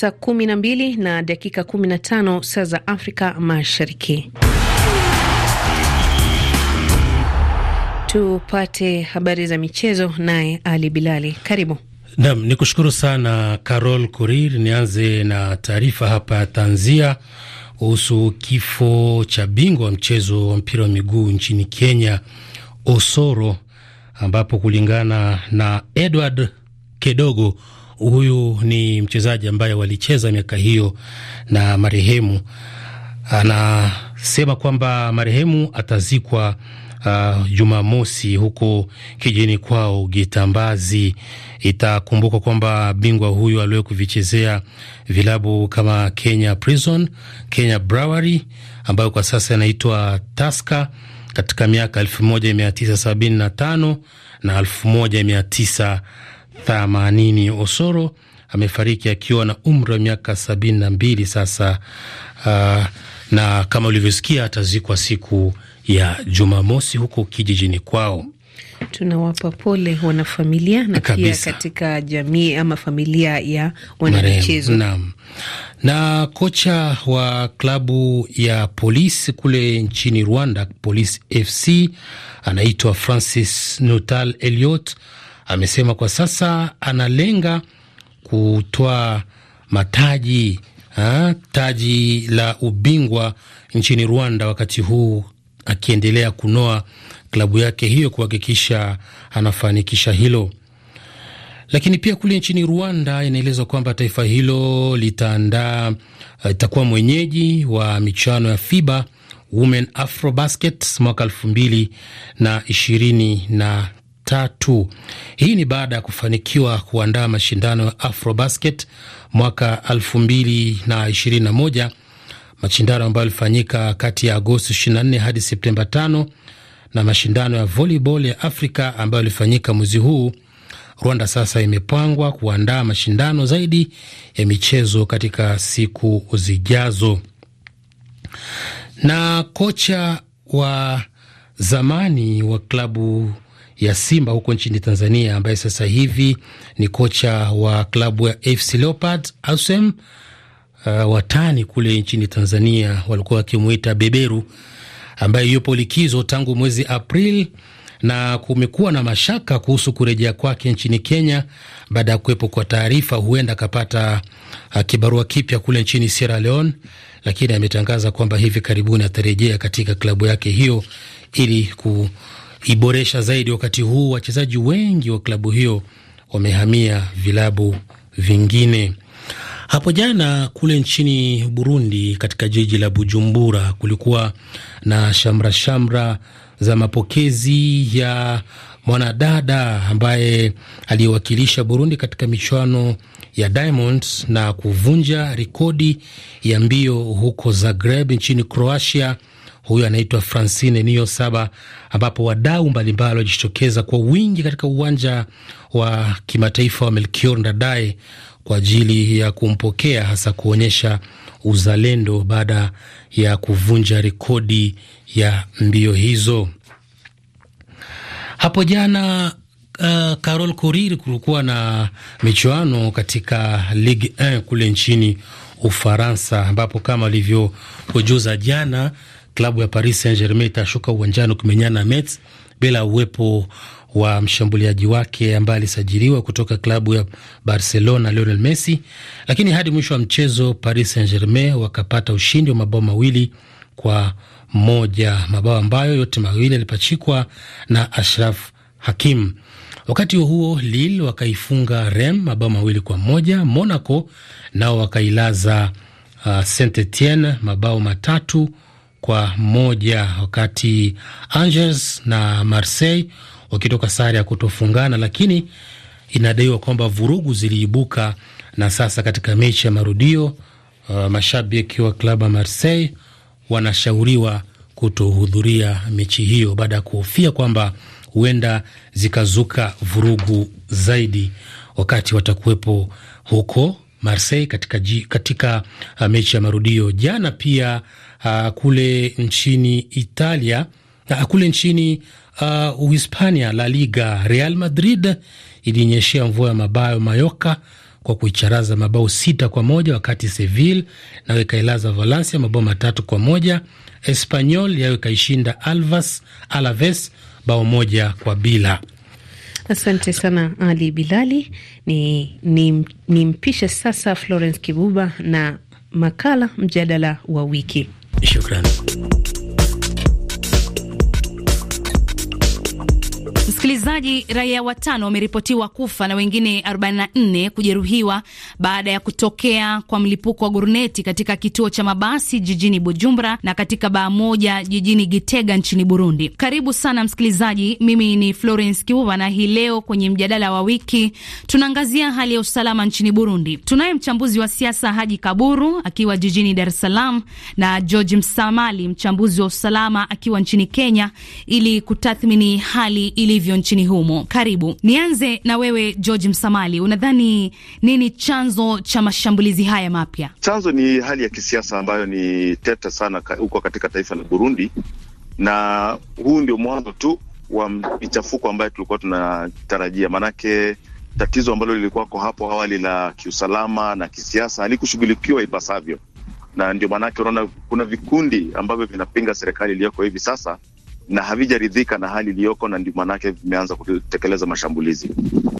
saa kumi na dakika 15 saa za Afrika Mashariki. Tupate habari za michezo naye Ali Bilali, karibu. Nam ni kushukuru sana Carol kurir Nianze na taarifa hapa ya tanzia kuhusu kifo cha bingwa wa mchezo wa mpira wa miguu nchini Kenya, Osoro, ambapo kulingana na Edward Kedogo huyu ni mchezaji ambaye walicheza miaka hiyo na marehemu. Anasema kwamba marehemu atazikwa uh, Jumamosi huko kijini kwao Gitambazi. Itakumbukwa kwamba bingwa huyu aliwe kuvichezea vilabu kama Kenya Prison, Kenya Brewery ambayo kwa sasa inaitwa Taska katika miaka sabini na tisa themanini. Osoro amefariki akiwa na umri wa miaka sabini na mbili sasa. Uh, na kama ulivyosikia atazikwa siku ya Jumamosi huko kijijini kwao. Tunawapa pole wanafamilia na pia katika jamii ama familia ya wanamichezo. Naam. Na kocha wa klabu ya polisi kule nchini Rwanda, Polisi FC, anaitwa Francis Nutal Eliot amesema kwa sasa analenga kutoa mataji ha, taji la ubingwa nchini Rwanda, wakati huu akiendelea kunoa klabu yake hiyo kuhakikisha anafanikisha hilo. Lakini pia kule nchini Rwanda inaelezwa kwamba taifa hilo litaandaa itakuwa mwenyeji wa michuano ya FIBA Women Afro Basket mwaka elfu mbili na ishirini na tatu. Hii ni baada ya kufanikiwa kuandaa mashindano ya Afrobasket mwaka 2021, mashindano ambayo yalifanyika kati ya Agosti 24 hadi Septemba 5, na mashindano ya volleyball ya Afrika ambayo yalifanyika mwezi huu. Rwanda sasa imepangwa kuandaa mashindano zaidi ya michezo katika siku zijazo. Na kocha wa zamani wa klabu ya Simba huko nchini Tanzania, ambaye sasa hivi ni kocha wa klabu ya AFC Leopard Asem. Uh, watani kule nchini Tanzania walikuwa wakimwita beberu, ambaye yupo likizo tangu mwezi April na kumekuwa na mashaka kuhusu kurejea kwake nchini Kenya baada ya kuwepo kwa taarifa huenda akapata uh, kibarua kipya kule nchini Sierra Leone, lakini ametangaza kwamba hivi karibuni atarejea katika klabu yake hiyo ili ku iboresha zaidi, wakati huu wachezaji wengi wa klabu hiyo wamehamia vilabu vingine. Hapo jana kule nchini Burundi, katika jiji la Bujumbura, kulikuwa na shamra shamra za mapokezi ya mwanadada ambaye aliyewakilisha Burundi katika michuano ya Diamonds na kuvunja rekodi ya mbio huko Zagreb nchini Croatia huyo anaitwa Francine Nio Saba, ambapo wadau mbalimbali wajitokeza kwa wingi katika uwanja wa kimataifa wa Melkior Ndadaye kwa ajili ya kumpokea hasa kuonyesha uzalendo baada ya kuvunja rekodi ya mbio hizo hapo jana. Uh, Carol Korir, kulikuwa na michuano katika Ligue 1 kule nchini Ufaransa, ambapo kama alivyokujuza jana klabu ya Paris Saint Germain itashuka uwanjani kumenyana Mets bila uwepo wa mshambuliaji wake ambaye alisajiliwa kutoka klabu ya Barcelona Lionel Messi, lakini hadi mwisho wa mchezo Paris Saint Germain wakapata ushindi wa mabao mawili kwa moja, mabao ambayo yote mawili yalipachikwa na Ashraf Hakim. Wakati huo Lille wakaifunga Rem mabao mawili kwa moja. Monaco nao wakailaza uh, Saint Etienne mabao matatu kwa moja, wakati Angers na Marseille wakitoka sare ya kutofungana, lakini inadaiwa kwamba vurugu ziliibuka na sasa katika mechi ya marudio uh, mashabiki wa klabu ya Marseille wanashauriwa kutohudhuria mechi hiyo baada ya kuhofia kwamba huenda zikazuka vurugu zaidi wakati watakuwepo huko Marseille katika, katika uh, mechi ya marudio jana. Pia uh, kule nchini Italia uh, kule nchini uh, Uhispania, La Liga, Real Madrid ilinyeshea mvua ya mabayo Mayoka kwa kuicharaza mabao sita kwa moja wakati Seville nayo ikailaza Valencia mabao matatu kwa moja. Espanyol yayo ikaishinda Alves bao moja kwa bila. Asante sana Ali Bilali. Ni, ni, ni mpishe sasa Florence Kibuba na makala mjadala wa wiki. Shukrani. Msikilizaji, raia watano wameripotiwa kufa na wengine 44 kujeruhiwa baada ya kutokea kwa mlipuko wa guruneti katika kituo cha mabasi jijini Bujumbura na katika baa moja jijini Gitega nchini Burundi. Karibu sana msikilizaji, mimi ni Florence Kiuva na hii leo kwenye mjadala wa wiki tunaangazia hali ya usalama nchini Burundi. Tunaye mchambuzi wa siasa Haji Kaburu akiwa jijini Dar es Salaam na George Msamali mchambuzi wa usalama akiwa nchini Kenya ili kutathmini hali ili ilivyo nchini humo. Karibu, nianze na wewe George Msamali, unadhani nini chanzo cha mashambulizi haya mapya? Chanzo ni hali ya kisiasa ambayo ni tete sana huko katika taifa la Burundi, na huu ndio mwanzo tu wa michafuko ambayo tulikuwa tunatarajia, maanake tatizo ambalo lilikuwako hapo awali la kiusalama na kisiasa halikushughulikiwa ipasavyo, na ndio maanake unaona kuna vikundi ambavyo vinapinga serikali iliyoko hivi sasa na havijaridhika na hali iliyoko, na ndio maanake vimeanza kutekeleza mashambulizi.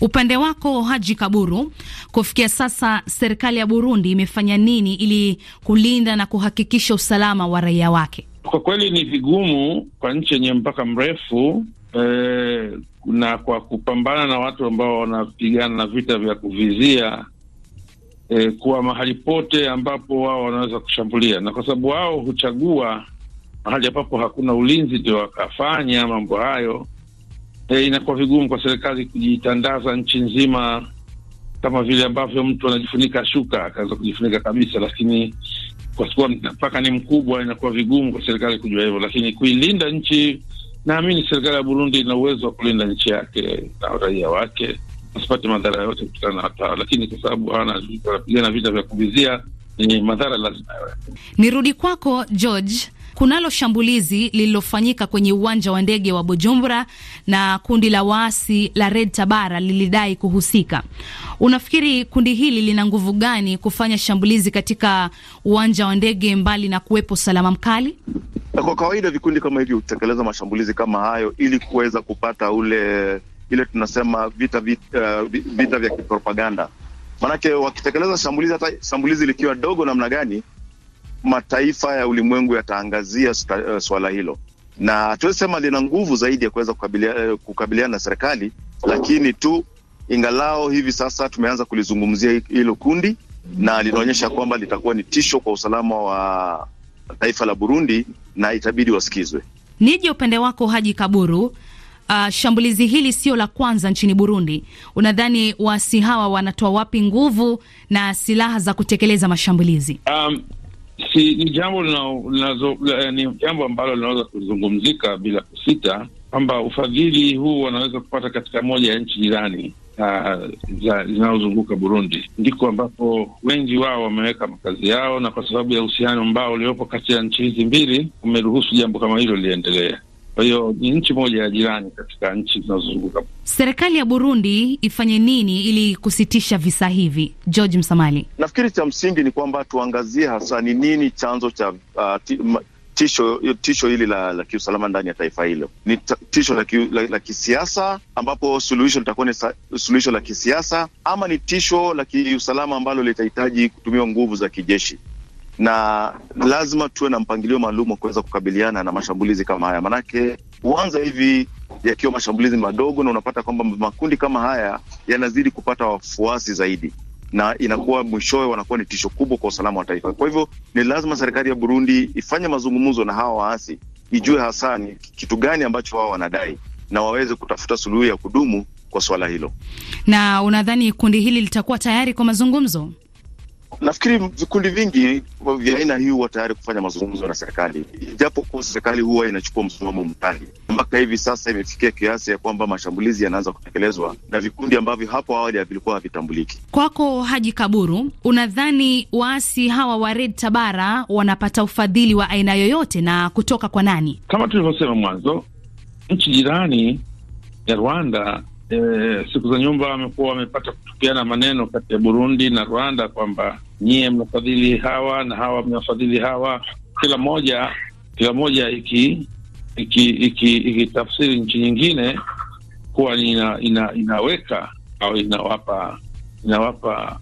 Upande wako Haji Kaburu, kufikia sasa serikali ya Burundi imefanya nini ili kulinda na kuhakikisha usalama wa raia wake? Kwa kweli ni vigumu kwa nchi yenye mpaka mrefu eh, na kwa kupambana na watu ambao wanapigana na vita vya kuvizia eh, kuwa mahali pote ambapo wao wanaweza kushambulia, na kwa sababu wao huchagua mahali ambapo hakuna ulinzi ndio wakafanya mambo hayo. E, inakuwa vigumu kwa serikali kujitandaza nchi nzima kama vile ambavyo mtu anajifunika shuka akaweza kujifunika kabisa, lakini kwa mpaka ni mkubwa, inakuwa vigumu kwa serikali kujua hivyo, lakini kuilinda nchi, naamini serikali ya Burundi ina uwezo wa kulinda nchi yake na raia wake asipate madhara yote kutokana na watawala, lakini kwa sababu hawana wanapigana vita vya kuvizia ni madhara lazima. Nirudi kwako George kunalo shambulizi lililofanyika kwenye uwanja wa ndege wa Bujumbura na kundi la waasi la Red Tabara lilidai kuhusika. Unafikiri kundi hili lina nguvu gani kufanya shambulizi katika uwanja wa ndege mbali na kuwepo usalama mkali? Kwa kawaida vikundi kama hivi hutekeleza mashambulizi kama hayo ili kuweza kupata ule ile tunasema vita vita, uh, vita vya kipropaganda, maanake wakitekeleza shambulizi, hata shambulizi likiwa dogo namna gani mataifa ya ulimwengu yataangazia eh, swala hilo, na hatuwezi sema lina nguvu zaidi ya kuweza eh, kukabiliana kukabilia na serikali, lakini tu ingalao hivi sasa tumeanza kulizungumzia hilo kundi, na linaonyesha kwamba litakuwa ni tisho kwa usalama wa taifa la Burundi na itabidi wasikizwe. Nije upande wako Haji Kaburu. Uh, shambulizi hili sio la kwanza nchini Burundi. Unadhani waasi hawa wanatoa wapi nguvu na silaha za kutekeleza mashambulizi? Um, si ni jambo ni jambo ambalo linaweza kuzungumzika bila kusita kwamba ufadhili huu wanaweza kupata katika moja ya nchi jirani ah, zinazozunguka Burundi, ndiko ambapo wengi wao wameweka makazi yao, na kwa sababu ya uhusiano ambao uliopo kati ya nchi hizi mbili umeruhusu jambo kama hilo liendelee. Kwa hiyo ni nchi moja ya jirani katika nchi zinazozunguka. Serikali ya Burundi ifanye nini ili kusitisha visa hivi, George Msamali? Nafikiri cha msingi ni kwamba tuangazie hasa ni nini chanzo cha uh, tisho tisho hili la, la kiusalama ndani ya taifa hilo. Ni tisho la, la, la kisiasa ambapo suluhisho litakuwa ni suluhisho la kisiasa, ama ni tisho la kiusalama ambalo litahitaji kutumiwa nguvu za kijeshi na lazima tuwe na mpangilio maalum wa kuweza kukabiliana na mashambulizi kama haya, manake huanza hivi yakiwa mashambulizi madogo, na unapata kwamba makundi kama haya yanazidi kupata wafuasi zaidi na inakuwa mwishowe wanakuwa ni tisho kubwa kwa usalama wa taifa. Kwa hivyo ni lazima serikali ya Burundi ifanye mazungumzo na hawa waasi, ijue hasa ni kitu gani ambacho wao wanadai na waweze kutafuta suluhu ya kudumu kwa swala hilo. Na unadhani kundi hili litakuwa tayari kwa mazungumzo? Nafikiri vikundi vingi vya aina hii huwa tayari kufanya mazungumzo na serikali, japo kuwa serikali huwa inachukua msimamo mkali. Mpaka hivi sasa imefikia kiasi ya kwamba mashambulizi yanaanza kutekelezwa na vikundi ambavyo hapo awali vilikuwa havitambuliki. Kwako Haji Kaburu, unadhani waasi hawa wa Red Tabara wanapata ufadhili wa aina yoyote na kutoka kwa nani? Kama tulivyosema mwanzo, nchi jirani ya Rwanda e, siku za nyumba wamekuwa wamepata kutupiana maneno kati ya Burundi na Rwanda kwamba nyie mnafadhili hawa na hawa mnafadhili hawa, kila moja kila moja iki ikitafsiri iki, iki, iki nchi nyingine kuwa ina, ina, inaweka au inawapa inawapa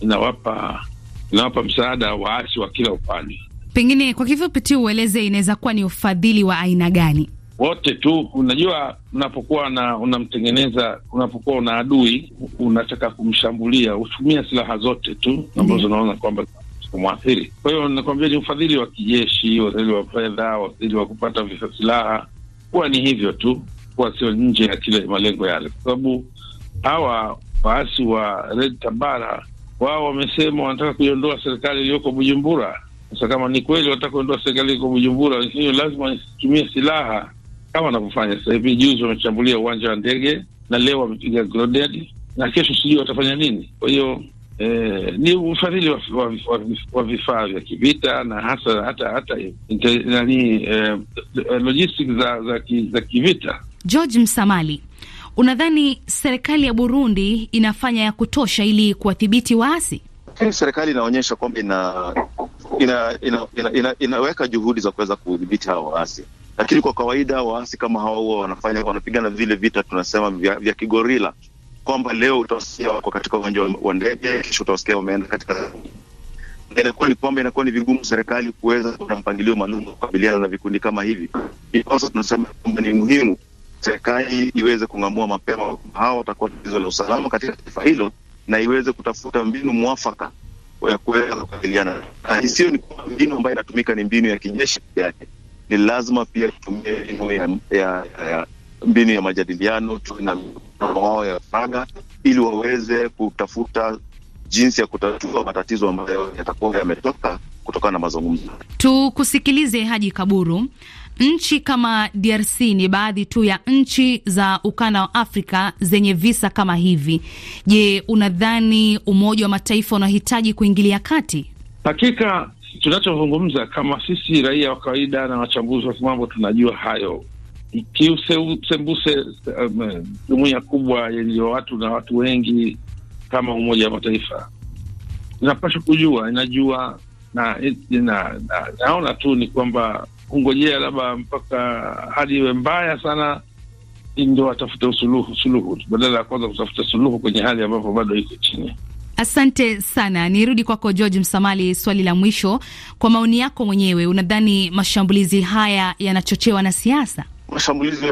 inawapa inawapa msaada waasi wa kila upande. Pengine kwa kifupi tu ueleze, inaweza kuwa ni ufadhili wa aina gani? wote tu. Unajua, unapokuwa na unamtengeneza, unapokuwa una adui unataka kumshambulia, hutumia silaha zote tu ambazo unaona kwamba kumwathiri. Kwa hiyo nakwambia ni ufadhili wa kijeshi, wafadhili wa fedha, wafadhili wa kupata vifaa, silaha, kuwa ni hivyo tu, kuwa sio nje ya kile malengo yale, kwa sababu hawa waasi wa Red Tabara wao wamesema wanataka kuiondoa serikali iliyoko Bujumbura. Sasa kama ni kweli wanataka kuondoa serikali iliyoko Bujumbura, lakini lazima itumie silaha kama wanavyofanya sasa hivi. Juzi wameshambulia uwanja wa ndege na leo wamepiga grenade na kesho sijui watafanya nini. Kwa hiyo eh, ni ufadhili wa, wa, wa, wa vifaa vya kivita na hasa hata hata nani eh, logistics za, za, ki, za kivita. George Msamali, unadhani serikali ya Burundi inafanya ya kutosha ili kuwadhibiti waasi? Hii serikali inaonyesha kwamba ina, ina, ina, ina, ina, inaweka juhudi za kuweza kudhibiti hawa waasi lakini kwa kawaida waasi kama hawa huwa wanafanya wanapigana vile vita tunasema vya, vya kigorila kwamba leo utawasikia wako katika uwanja wa ndege, kesho utawasikia wameenda katika inakuwa ni kwamba inakuwa ni vigumu serikali kuweza kuna mpangilio maalum wa kukabiliana na vikundi kama hivi. Sasa tunasema kwamba ni muhimu serikali iweze kung'amua mapema hawa watakuwa tatizo la usalama katika taifa hilo, na iweze kutafuta mbinu mwafaka ya kuweza kukabiliana na hisio. ni kwamba mbinu ambayo inatumika ni mbinu ya kijeshi yake ni lazima pia tutumie mbinu ya, ya, ya, mbinu ya majadiliano, tuwe na wao ya faragha, ili waweze kutafuta jinsi ya kutatua matatizo ambayo yatakuwa yametoka kutokana na mazungumzo. Tukusikilize Haji Kaburu. Nchi kama DRC ni baadhi tu ya nchi za ukanda wa Afrika zenye visa kama hivi. Je, unadhani Umoja wa Mataifa unahitaji kuingilia kati? Hakika tunachozungumza kama sisi raia wa kawaida na wachambuzi wa kimambo tunajua hayo kiusembuse jumuia um, kubwa yenye watu na watu wengi kama Umoja wa Mataifa inapashwa kujua, inajua na, na, na naona tu ni kwamba kungojea labda mpaka hali iwe mbaya sana ndio watafute suluhu, suluhu badala ya kwanza kutafuta suluhu kwenye hali ambapo bado iko chini. Asante sana, nirudi kwako George Msamali. Swali la mwisho, kwa maoni yako mwenyewe, unadhani mashambulizi haya yanachochewa na siasa? Mashambulizi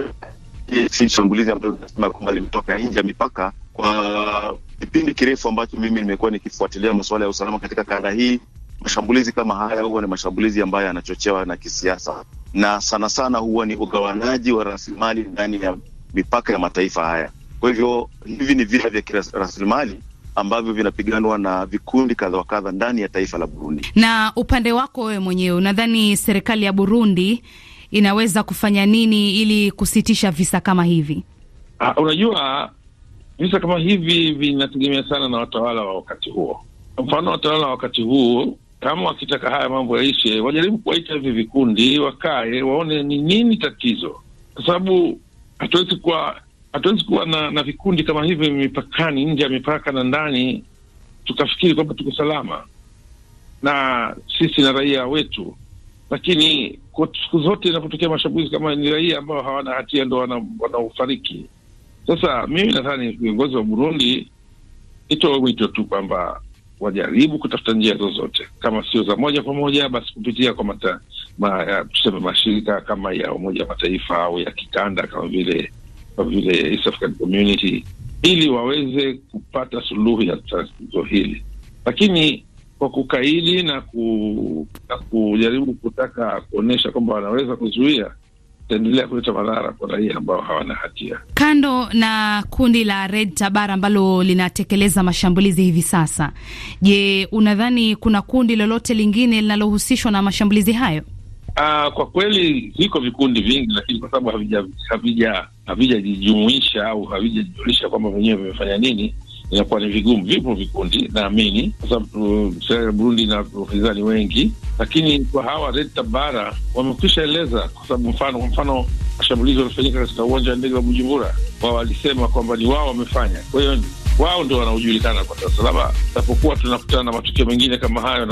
si shambulizi ambayo nasema kwamba limetoka nje ya mipaka. Kwa kipindi kirefu ambacho mimi nimekuwa nikifuatilia masuala ya usalama katika kanda hii, mashambulizi kama haya huwa ni mashambulizi ambayo yanachochewa na kisiasa, na sana sana huwa ni ugawanaji wa rasilimali ndani ya mipaka ya mataifa haya. Kwa hivyo hivi ni vita vya kirasilimali ambavyo vinapiganwa na vikundi kadha wa kadha ndani ya taifa la Burundi. Na upande wako wewe mwenyewe, unadhani serikali ya Burundi inaweza kufanya nini ili kusitisha visa kama hivi? Uh, unajua visa kama hivi vinategemea sana na watawala wa wakati huo. Mfano, watawala wa wakati huo kama wakitaka haya mambo yaishe, wajaribu kuwaita hivi vikundi, wakae waone ni nini tatizo, kwa sababu hatuwezi kuwa hatuwezi kuwa na, na vikundi kama hivyo mipakani, nje ya mipaka na ndani, tukafikiri kwamba tuko salama na sisi na raia wetu, lakini siku zote inapotokea mashambulizi kama ni raia ambao hawana hatia ndo wanaofariki. Sasa mimi nadhani viongozi wa Burundi nitoe mwito tu kwamba wajaribu kutafuta njia zozote, kama sio za moja kwa moja, basi kupitia kwa mata, ma, tuseme mashirika kama ya Umoja wa Mataifa au ya kikanda kama vile vile East African Community ili waweze kupata suluhu ya tatizo hili, lakini kwa kukaidi na, ku, na kujaribu kutaka kuonyesha kwamba wanaweza kuzuia itaendelea kuleta madhara kwa raia ambao hawana hatia. Kando na kundi la Red Tabar ambalo linatekeleza mashambulizi hivi sasa, je, unadhani kuna kundi lolote lingine linalohusishwa na mashambulizi hayo? Uh, kwa kweli viko vikundi vingi, lakini kwa sababu havijajijumuisha au havijajulisha kwamba wenyewe vimefanya nini, inakuwa ni vigumu. Vipo vikundi naamini, kwa sababu uh, serikali ya Burundi na wapinzani wengi, lakini kwa hawa Red Tabara wamekwisha eleza, kwa sababu mfano kwa mfano mashambulizi walifanyika katika uwanja wa ndege wa Bujumbura, wao walisema kwamba ni wao wamefanya, kwa hiyo wao ndio wanaojulikana kwa sasa, labda tapokuwa tunakutana na matukio mengine kama hayo